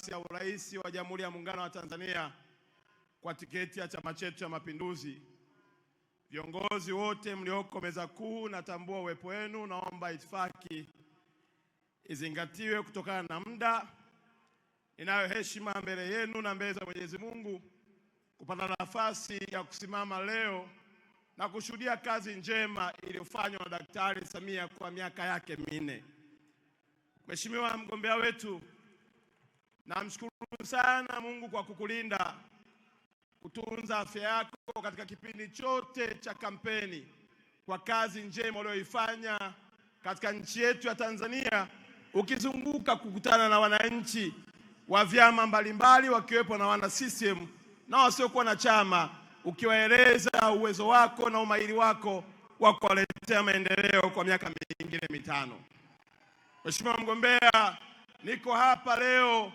nafasi ya urais wa Jamhuri ya Muungano wa Tanzania kwa tiketi ya chama chetu cha Mapinduzi. Viongozi wote mlioko meza kuu, natambua uwepo wenu. Naomba itifaki izingatiwe kutokana na muda. Ninayo heshima mbele yenu na mbele za Mwenyezi Mungu kupata nafasi ya kusimama leo na kushuhudia kazi njema iliyofanywa na Daktari Samia kwa miaka yake minne. Mheshimiwa mgombea wetu Namshukuru sana Mungu kwa kukulinda, kutunza afya yako katika kipindi chote cha kampeni, kwa kazi njema uliyoifanya katika nchi yetu ya Tanzania, ukizunguka kukutana na wananchi wa vyama mbalimbali, wakiwepo na wana CCM na wasiokuwa na chama, ukiwaeleza uwezo wako na umahiri wako wa kuwaletea maendeleo kwa miaka mingine mitano. Mheshimiwa mgombea, niko hapa leo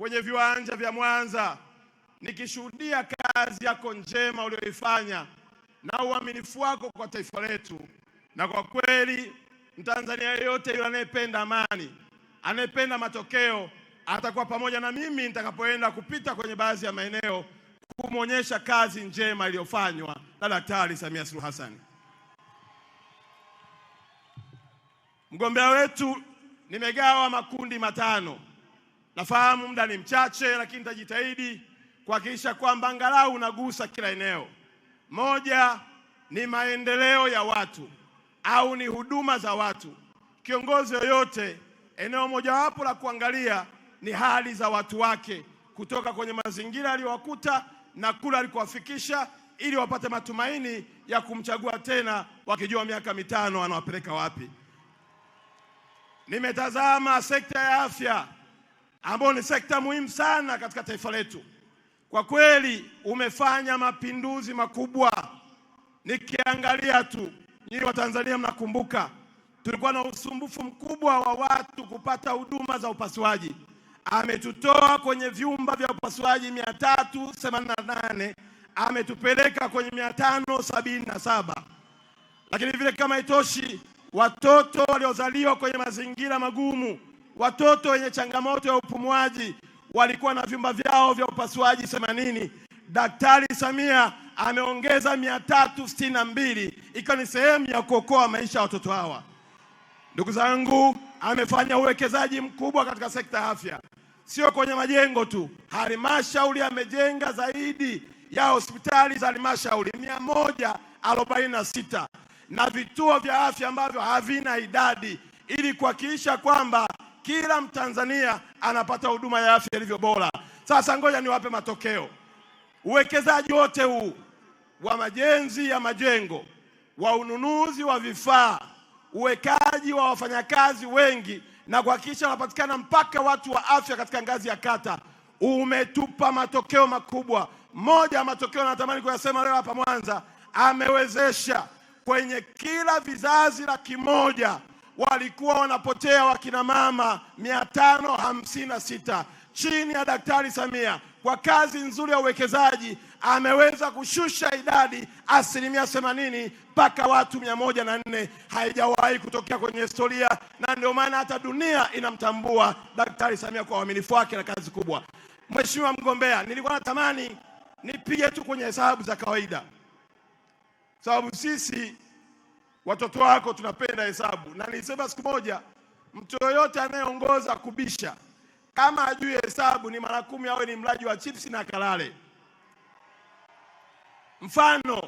kwenye viwanja vya Mwanza nikishuhudia kazi yako njema uliyoifanya na uaminifu wako kwa taifa letu. Na kwa kweli Mtanzania yeyote yule anayependa amani, anayependa matokeo atakuwa pamoja na mimi nitakapoenda kupita kwenye baadhi ya maeneo kumwonyesha kazi njema iliyofanywa na Daktari Samia Suluhu Hassan. Mgombea wetu nimegawa makundi matano. Nafahamu muda ni mchache, lakini nitajitahidi kuhakikisha kwamba angalau unagusa kila eneo. Moja ni maendeleo ya watu au ni huduma za watu. Kiongozi yoyote, eneo mojawapo la kuangalia ni hali za watu wake, kutoka kwenye mazingira aliyowakuta na kula alikowafikisha, ili wapate matumaini ya kumchagua tena, wakijua miaka mitano anawapeleka wapi. Nimetazama sekta ya afya ambao ni sekta muhimu sana katika taifa letu, kwa kweli umefanya mapinduzi makubwa. Nikiangalia tu, nyinyi Watanzania mnakumbuka tulikuwa na usumbufu mkubwa wa watu kupata huduma za upasuaji. Ametutoa kwenye vyumba vya upasuaji 388 ametupeleka kwenye 577 lakini vile kama itoshi, watoto waliozaliwa kwenye mazingira magumu Watoto wenye changamoto ya upumuaji walikuwa na vyumba vyao vya upasuaji 80. Daktari Samia ameongeza 362 ikiwa ni sehemu ya kuokoa maisha ya watoto hawa. Ndugu zangu, amefanya uwekezaji mkubwa katika sekta ya afya, sio kwenye majengo tu. Halmashauri amejenga zaidi ya hospitali za halmashauri 146 na vituo vya afya ambavyo havina idadi ili kuhakikisha kwamba kila Mtanzania anapata huduma ya afya ilivyo bora. Sasa ngoja niwape matokeo. Uwekezaji wote huu wa majenzi ya majengo, wa ununuzi wa vifaa, uwekaji wa wafanyakazi wengi na kuhakikisha wanapatikana mpaka watu wa afya katika ngazi ya kata umetupa matokeo makubwa. Moja ya matokeo natamani kuyasema leo hapa Mwanza, amewezesha kwenye kila vizazi laki moja walikuwa wanapotea wakina mama mia sita chini ya Daktari Samia kwa kazi nzuri ya uwekezaji ameweza kushusha idadi asilimia 80 mpaka watu mia na nne. Haijawahi kutokea kwenye historia, na ndio maana hata dunia inamtambua Daktari Samia kwa uaminifu wake na kazi kubwa. Mheshimiwa mgombea, nilikuwa natamani nipige tu kwenye hesabu za kawaida, sababu sisi watoto wako tunapenda hesabu, na nilisema siku moja, mtu yoyote anayeongoza kubisha kama ajui hesabu ni mara kumi, awe ni mlaji wa chipsi na kalale. Mfano,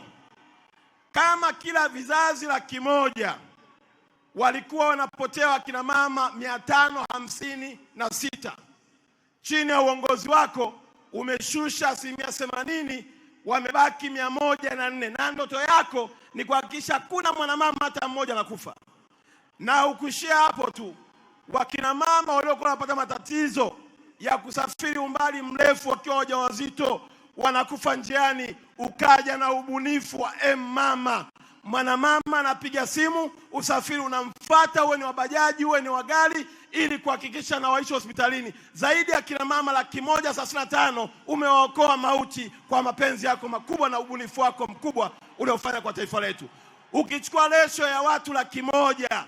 kama kila vizazi laki moja walikuwa wanapotea wakina mama mia tano hamsini na sita chini ya uongozi wako umeshusha asilimia themanini, wamebaki mia moja na nne na ndoto yako ni kuhakikisha kuna mwanamama hata mmoja anakufa, na ukuishia hapo tu. Wakinamama waliokuwa wanapata matatizo ya kusafiri umbali mrefu wakiwa wajawazito wanakufa njiani, ukaja na ubunifu wa M-mama mwanamama anapiga simu, usafiri unamfata, uwe ni wabajaji, uwe ni wagari ili kuhakikisha na waishi hospitalini. Zaidi ya kina mama laki moja thelathini na tano umewaokoa mauti kwa mapenzi yako makubwa na ubunifu wako mkubwa uliofanya kwa taifa letu. Ukichukua lesho ya watu laki moja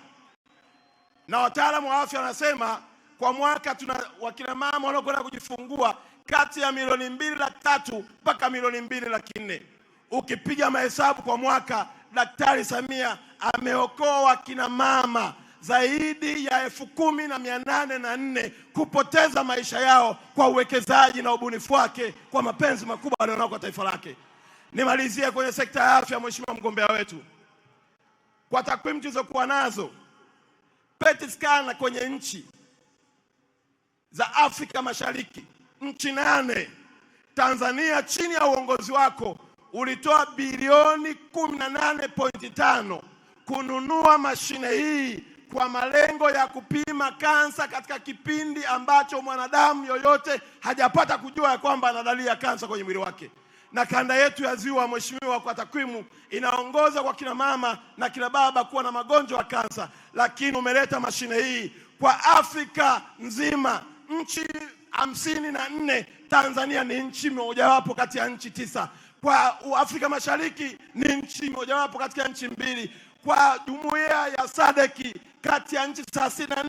na wataalamu wa afya wanasema kwa mwaka tuna wakinamama wanaokwenda kujifungua kati ya milioni mbili laki tatu mpaka milioni mbili laki nne ukipiga mahesabu kwa mwaka Daktari Samia ameokoa wakina mama zaidi ya elfu kumi na mia nane na nne kupoteza maisha yao kwa uwekezaji na ubunifu wake kwa mapenzi makubwa alionao kwa taifa lake. Nimalizie kwenye sekta ya afya, mheshimiwa mgombea wetu, kwa takwimu tulizokuwa nazo PET scan kwenye nchi za Afrika Mashariki, nchi nane, Tanzania chini ya uongozi wako ulitoa bilioni 18.5 kununua mashine hii kwa malengo ya kupima kansa katika kipindi ambacho mwanadamu yoyote hajapata kujua ya kwamba ana dalili ya kansa kwenye mwili wake. Na kanda yetu ya Ziwa, Mheshimiwa, kwa takwimu inaongoza kwa kina mama na kina baba kuwa na magonjwa ya kansa, lakini umeleta mashine hii kwa Afrika nzima, nchi hamsini na nne. Tanzania ni nchi mojawapo kati ya nchi tisa kwa Afrika Mashariki ni nchi mojawapo kati ya nchi mbili kwa jumuiya ya Sadeki kati ya nchi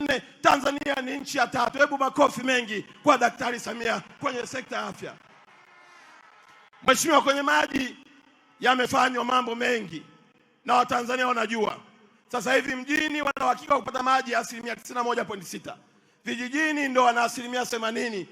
nne Tanzania ni nchi ya tatu. Hebu makofi mengi kwa Daktari Samia kwenye sekta ya afya. Mheshimiwa, kwenye maji yamefanywa mambo mengi na Watanzania wanajua. Sasa hivi mjini wana uhakika wa kupata maji ya asilimia 91.6, vijijini ndo wana asilimia 80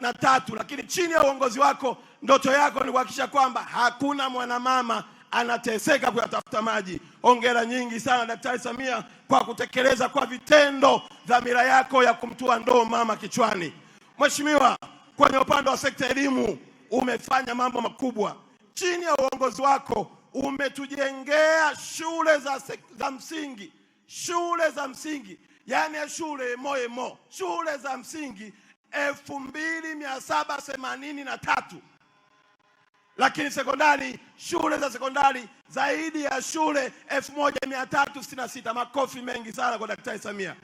na tatu. Lakini chini ya uongozi wako, ndoto yako ni kuhakikisha kwamba hakuna mwanamama anateseka kuyatafuta maji. ongera nyingi sana Daktari Samia kwa kutekeleza kwa vitendo dhamira yako ya kumtua ndoo mama kichwani. Mheshimiwa, kwenye upande wa sekta elimu umefanya mambo makubwa chini ya uongozi wako. Umetujengea shule za, za msingi shule za msingi, yaani shule moyemo, shule za msingi elfu mbili mia saba themanini na tatu lakini sekondari, shule za sekondari zaidi ya shule elfu moja mia tatu sitini na sita Makofi mengi sana kwa Daktari Samia.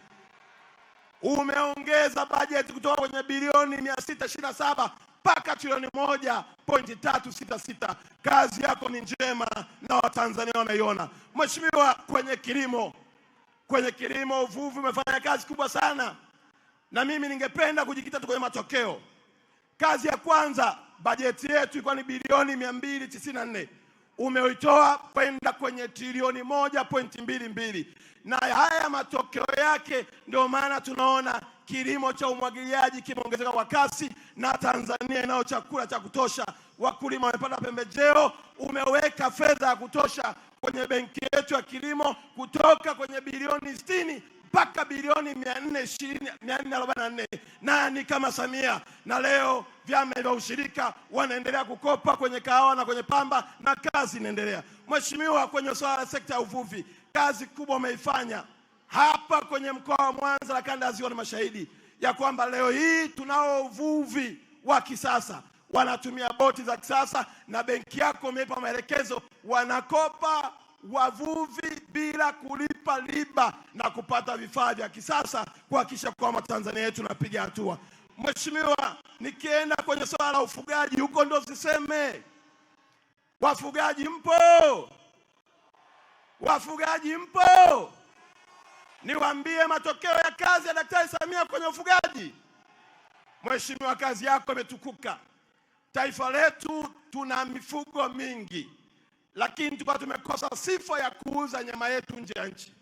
Umeongeza bajeti kutoka kwenye bilioni mia sita ishirini na saba mpaka trilioni moja pointi tatu sita sita. Kazi yako ni njema na Watanzania wanaiona. Mheshimiwa, kwenye kilimo, kwenye kilimo, uvuvi umefanya kazi kubwa sana na mimi ningependa kujikita tu kwenye matokeo. Kazi ya kwanza, bajeti yetu ilikuwa ni bilioni 294 umeitoa kwenda kwenye trilioni moja pointi mbili mbili, na haya matokeo yake ndio maana tunaona kilimo cha umwagiliaji kimeongezeka kwa kasi na Tanzania inayo chakula cha kutosha, wakulima wamepata pembejeo. Umeweka fedha ya kutosha kwenye benki yetu ya kilimo kutoka kwenye bilioni sitini mpaka bilioni 444 nani kama Samia? Na leo vyama vya ushirika wanaendelea kukopa kwenye kahawa na kwenye pamba, na kazi inaendelea. Mheshimiwa, kwenye swala la sekta ya uvuvi, kazi kubwa umeifanya hapa kwenye mkoa wa Mwanza na kanda ya Ziwa, na mashahidi ya kwamba leo hii tunao uvuvi wa kisasa, wanatumia boti za kisasa, na benki yako umeipa maelekezo, wanakopa wavuvi bila kulipa riba na kupata vifaa vya kisasa kuhakikisha kwamba Tanzania yetu inapiga hatua. Mheshimiwa, nikienda kwenye swala la ufugaji, huko ndo siseme. Wafugaji mpo? Wafugaji mpo? Niwaambie matokeo ya kazi ya Daktari Samia kwenye ufugaji. Mheshimiwa, kazi yako imetukuka. Taifa letu tuna mifugo mingi lakini tulikuwa tumekosa sifa ya kuuza nyama yetu nje ya nchi.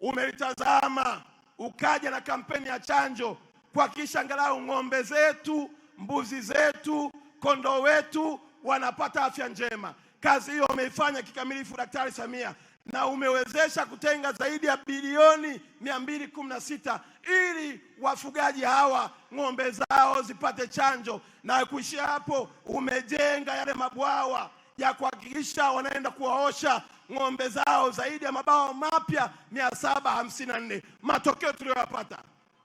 Umelitazama ukaja na kampeni ya chanjo kuhakikisha angalau ng'ombe zetu, mbuzi zetu, kondoo wetu wanapata afya njema. Kazi hiyo umeifanya kikamilifu Daktari Samia, na umewezesha kutenga zaidi ya bilioni 216 ili wafugaji hawa ng'ombe zao zipate chanjo, na kuishia hapo umejenga yale mabwawa ya kuhakikisha wanaenda kuwaosha ng'ombe zao zaidi ya mabao mapya nne. matokeo tuliyoyapata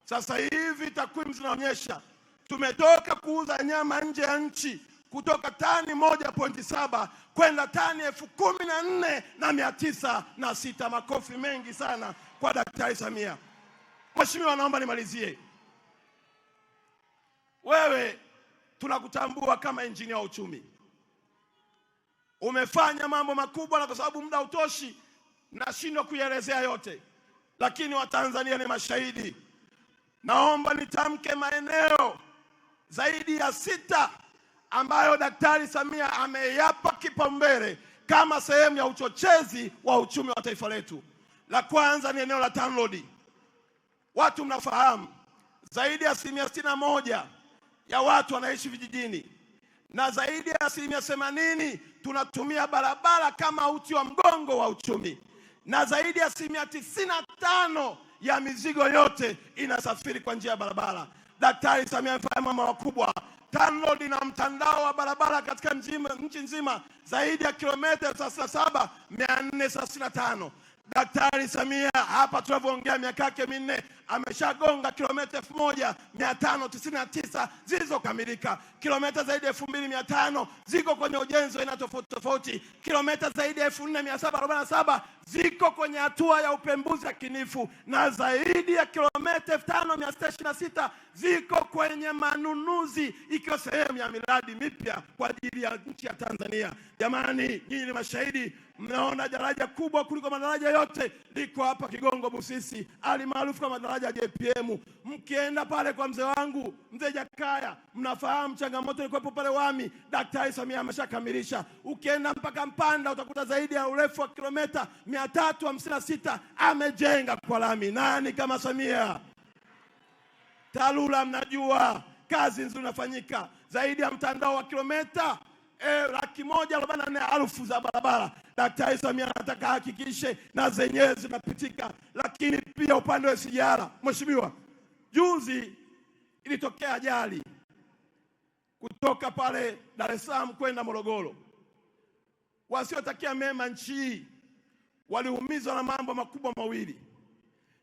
sasa hivi, takwimu zinaonyesha tumetoka kuuza nyama nje ya nchi kutoka tani moja pointi saba kwenda tani elfu kumi na nne na mia tisa na sita. Makofi mengi sana kwa Daktari Samia. Mheshimiwa, naomba nimalizie. Wewe tunakutambua kama injinia wa uchumi Umefanya mambo makubwa, na kwa sababu muda hautoshi, nashindwa kuielezea yote, lakini Watanzania ni mashahidi. Naomba nitamke maeneo zaidi ya sita ambayo Daktari Samia ameyapa kipaumbele kama sehemu ya uchochezi wa uchumi wa taifa letu. La kwanza ni eneo la TANROADS. Watu mnafahamu zaidi ya asilimia sitini na moja ya watu wanaishi vijijini na zaidi ya asilimia themanini tunatumia barabara kama uti wa mgongo wa uchumi, na zaidi ya asilimia tisini na tano ya mizigo yote inasafiri kwa njia ya barabara. Daktari Samia amefanya mambo makubwa. TANROADS na mtandao wa barabara katika nchi nzima zaidi ya kilometa kilomita tano Daktari Samia hapa tunavyoongea, miaka yake minne ameshagonga kilomita elfu moja mia tano tisini na tisa zilizokamilika. Kilomita zaidi ya elfu mbili mia tano ziko kwenye ujenzi aina tofauti tofauti. Kilomita zaidi ya elfu nne mia saba arobaini na saba ziko kwenye hatua ya upembuzi yakinifu na zaidi ya kilomita elfu tano mia sita ishirini na sita ziko kwenye manunuzi, ikiwa sehemu ya miradi mipya kwa ajili ya nchi ya Tanzania. Jamani, nyinyi ni mashahidi, mnaona daraja kubwa kuliko madaraja yote liko hapa Kigongo Busisi, maarufu kama daraja mnataja JPM. Mkienda pale kwa mzee wangu mzee Jakaya, mnafahamu changamoto ilikuwepo pale Wami, Daktari Samia ameshakamilisha. Ukienda mpaka Mpanda utakuta zaidi ya urefu wa kilomita mia tatu hamsini na sita amejenga kwa lami. Nani kama Samia? TARURA mnajua kazi nzuri inafanyika, zaidi ya mtandao wa kilomita eh, laki moja arobaini na nne elfu za barabara Daktari Samia anataka hakikishe na zenyewe zinapitika. Lakini pia upande wa sijara mheshimiwa, juzi ilitokea ajali kutoka pale Dar es Salaam kwenda Morogoro. Wasiotakia mema nchi hii waliumizwa na mambo makubwa mawili.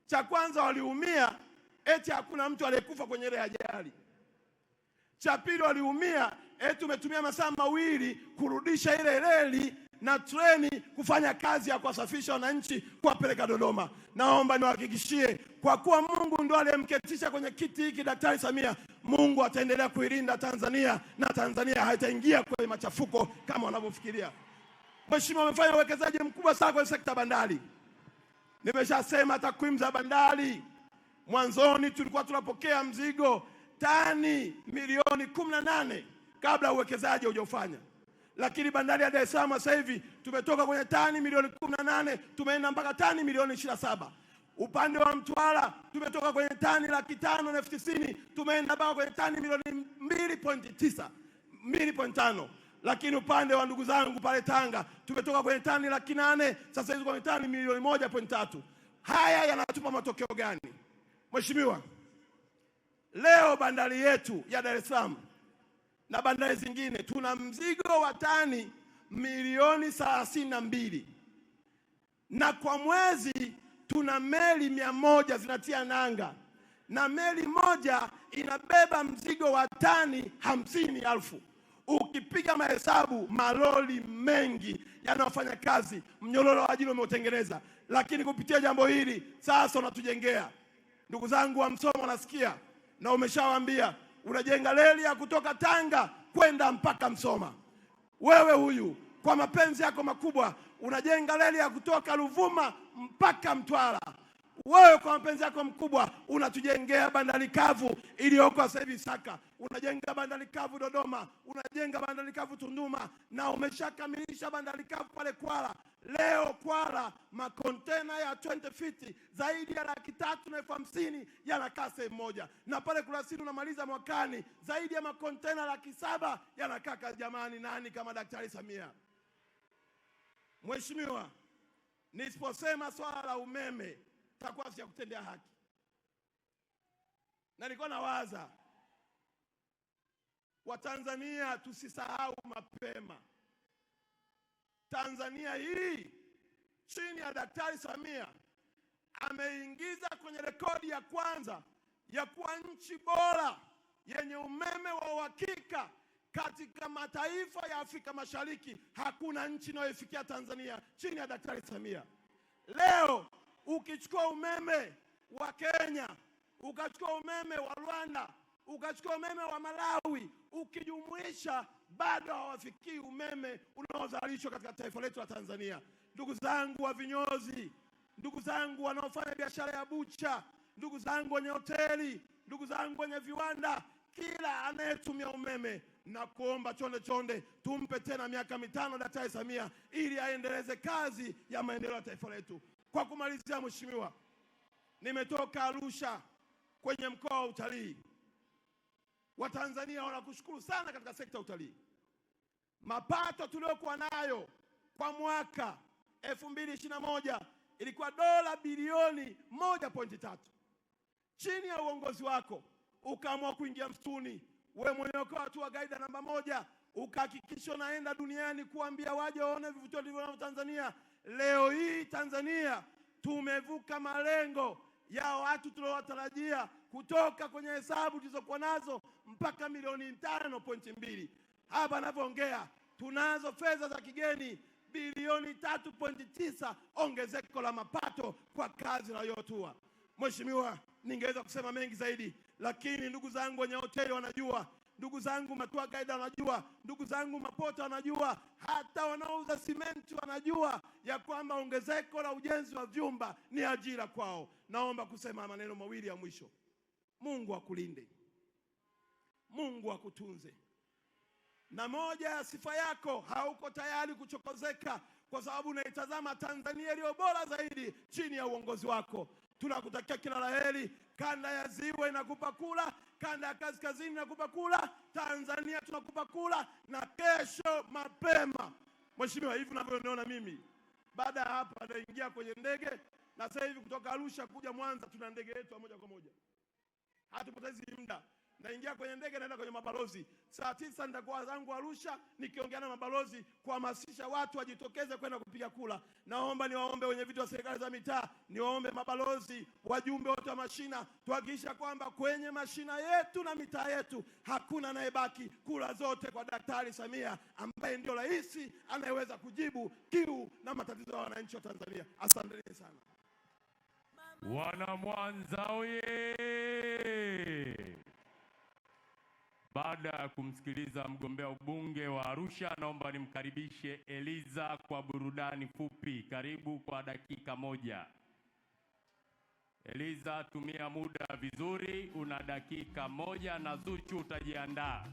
Cha kwanza waliumia eti hakuna mtu aliyekufa kwenye ile ajali. Cha pili waliumia eti umetumia masaa mawili kurudisha ile reli na treni kufanya kazi ya kuwasafisha wananchi kuwapeleka Dodoma. Naomba niwahakikishie kwa kuwa Mungu ndo aliyemketisha kwenye kiti hiki Daktari Samia, Mungu ataendelea kuilinda Tanzania na Tanzania haitaingia kwenye machafuko kama wanavyofikiria. Mheshimiwa, amefanya uwekezaji mkubwa sana kwenye sekta bandari. Nimeshasema takwimu za bandari, mwanzoni tulikuwa tunapokea mzigo tani milioni kumi na nane kabla uwekezaji hujafanya. Lakini bandari ya Dar es Salaam sasa hivi tumetoka kwenye tani milioni 18 tumeenda mpaka tani milioni 27. Upande wa Mtwara tumetoka kwenye tani laki tano na elfu tisini tumeenda mpaka kwenye tani milioni 2.9 2.5 lakini upande wa ndugu zangu pale Tanga tumetoka kwenye tani laki nane sasa hizi kwenye tani milioni moja tatu. Haya yanatupa matokeo gani? Mheshimiwa, leo bandari yetu ya Dar es Salaam na bandari zingine tuna mzigo wa tani milioni thelathini na mbili na kwa mwezi tuna meli mia moja zinatia nanga na meli moja inabeba mzigo wa tani hamsini elfu. Ukipiga mahesabu, maloli mengi yanayofanya kazi, mnyororo wa ajira umeutengeneza. Lakini kupitia jambo hili sasa unatujengea. Ndugu zangu wa Msomo, nasikia na umeshawaambia unajenga reli ya kutoka Tanga kwenda mpaka Msoma. Wewe huyu kwa mapenzi yako makubwa unajenga reli ya kutoka Ruvuma mpaka Mtwara. Wewe kwa mapenzi yako mkubwa unatujengea bandari kavu iliyoko sasa hivi Saka, unajenga bandari kavu Dodoma, unajenga bandari kavu Tunduma, na umeshakamilisha bandari kavu pale Kwala. Leo Kwala makontena ya 20 feet zaidi ya laki tatu na elfu hamsini yanakaa sehemu moja, na pale Kurasini unamaliza mwakani zaidi ya makontena laki saba yanakaa. Jamani, nani kama Daktari Samia? Mheshimiwa, nisiposema swala la umeme takuwa ya kutendea haki, na nilikuwa nawaza Watanzania tusisahau mapema Tanzania hii chini ya Daktari Samia ameingiza kwenye rekodi ya kwanza ya kuwa nchi bora yenye umeme wa uhakika katika mataifa ya Afrika Mashariki. Hakuna nchi inayoifikia Tanzania chini ya Daktari Samia. Leo ukichukua umeme wa Kenya, ukachukua umeme wa Rwanda, ukachukua umeme wa Malawi, ukijumuisha bado hawafikii umeme unaozalishwa katika taifa letu la Tanzania. Ndugu zangu wa vinyozi, ndugu zangu wanaofanya biashara ya bucha, ndugu zangu wenye hoteli, ndugu zangu wenye viwanda, kila anayetumia umeme na kuomba chonde chonde, tumpe tena miaka mitano Daktari Samia ili aendeleze kazi ya maendeleo ya taifa letu. Kwa kumalizia, Mheshimiwa, nimetoka Arusha kwenye mkoa wa utalii. Watanzania wanakushukuru sana katika sekta ya utalii. Mapato tuliyokuwa nayo kwa mwaka 2021 ilikuwa dola bilioni 1.3. Chini ya uongozi wako ukaamua kuingia msituni, we mwenyewe ukawa tu guide namba moja, ukahakikisha unaenda duniani kuambia waje waone vivutio vilivyo navyo Tanzania. Leo hii Tanzania tumevuka malengo ya watu tuliowatarajia kutoka kwenye hesabu tulizokuwa nazo mpaka milioni tano pointi mbili. Hapa anavyoongea tunazo fedha za kigeni bilioni tatu pointi tisa, ongezeko la mapato kwa kazi unayotua. Mheshimiwa, ningeweza kusema mengi zaidi, lakini ndugu zangu wenye hoteli wanajua, ndugu zangu matua gaida wanajua, ndugu zangu mapota wanajua, hata wanaouza simenti wanajua ya kwamba ongezeko la ujenzi wa vyumba ni ajira kwao. Naomba kusema maneno mawili ya mwisho. Mungu akulinde. Mungu akutunze. Na moja ya sifa yako, hauko tayari kuchokozeka kwa sababu unaitazama Tanzania iliyo bora zaidi chini ya uongozi wako. Tunakutakia kila heri. Kanda ya Ziwa inakupa kula, kanda ya Kaskazini inakupa kula, Tanzania tunakupa kula, na kesho mapema, Mheshimiwa, hivi unavyoniona mimi, baada ya hapa naingia kwenye ndege, na sasa hivi kutoka Arusha kuja Mwanza tuna ndege yetu moja kwa moja, hatupotezi muda naingia kwenye ndege, naenda kwenye mabalozi. Saa tisa nitakuwa zangu Arusha nikiongea na mabalozi kuhamasisha watu wajitokeze kwenda kupiga kura. Naomba niwaombe wenye viti wa serikali za mitaa, niwaombe mabalozi, wajumbe wote wa mashina, tuhakikisha kwamba kwenye mashina yetu na mitaa yetu hakuna anayebaki, kura zote kwa Daktari Samia ambaye ndio rais anayeweza kujibu kiu na matatizo ya wananchi wa Tanzania. Asanteni sana. Wana Mwanza oye! Baada ya kumsikiliza mgombea ubunge wa Arusha, naomba nimkaribishe Eliza kwa burudani fupi. Karibu kwa dakika moja. Eliza, tumia muda vizuri, una dakika moja na Zuchu utajiandaa.